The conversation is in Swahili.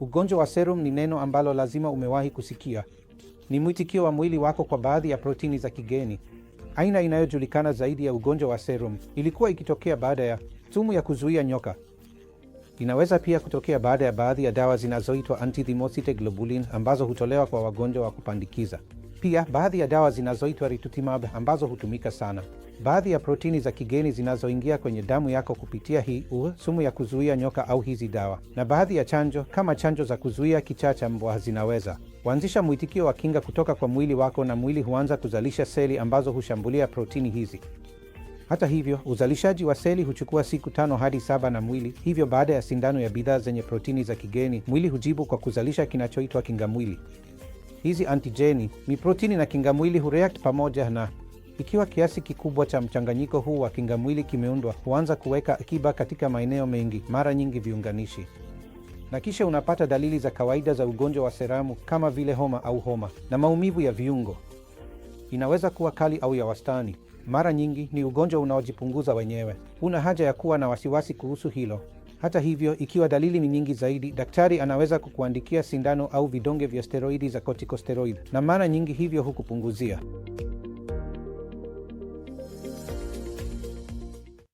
Ugonjwa wa serum ni neno ambalo lazima umewahi kusikia. Ni mwitikio wa mwili wako kwa baadhi ya protini za kigeni. Aina inayojulikana zaidi ya ugonjwa wa serum ilikuwa ikitokea baada ya sumu ya kuzuia nyoka. Inaweza pia kutokea baada ya baadhi ya dawa zinazoitwa antithymocyte globulin ambazo hutolewa kwa wagonjwa wa kupandikiza. Pia baadhi ya dawa zinazoitwa rituximab ambazo hutumika sana. Baadhi ya protini za kigeni zinazoingia kwenye damu yako kupitia hii u sumu ya kuzuia nyoka au hizi dawa, na baadhi ya chanjo kama chanjo za kuzuia kichaa cha mbwa zinaweza kuanzisha mwitikio wa kinga kutoka kwa mwili wako, na mwili huanza kuzalisha seli ambazo hushambulia protini hizi. Hata hivyo, uzalishaji wa seli huchukua siku tano hadi saba na mwili hivyo, baada ya sindano ya bidhaa zenye protini za kigeni, mwili hujibu kwa kuzalisha kinachoitwa kingamwili. Hizi antijeni ni protini na kingamwili hureact pamoja na ikiwa kiasi kikubwa cha mchanganyiko huu wa kingamwili kimeundwa, huanza kuweka akiba katika maeneo mengi, mara nyingi viunganishi, na kisha unapata dalili za kawaida za ugonjwa wa seramu kama vile homa au homa na maumivu ya viungo. Inaweza kuwa kali au ya wastani. Mara nyingi ni ugonjwa unaojipunguza wenyewe. Una haja ya kuwa na wasiwasi kuhusu hilo. Hata hivyo, ikiwa dalili ni nyingi zaidi, daktari anaweza kukuandikia sindano au vidonge vya steroidi za corticosteroid, na mara nyingi hivyo hukupunguzia.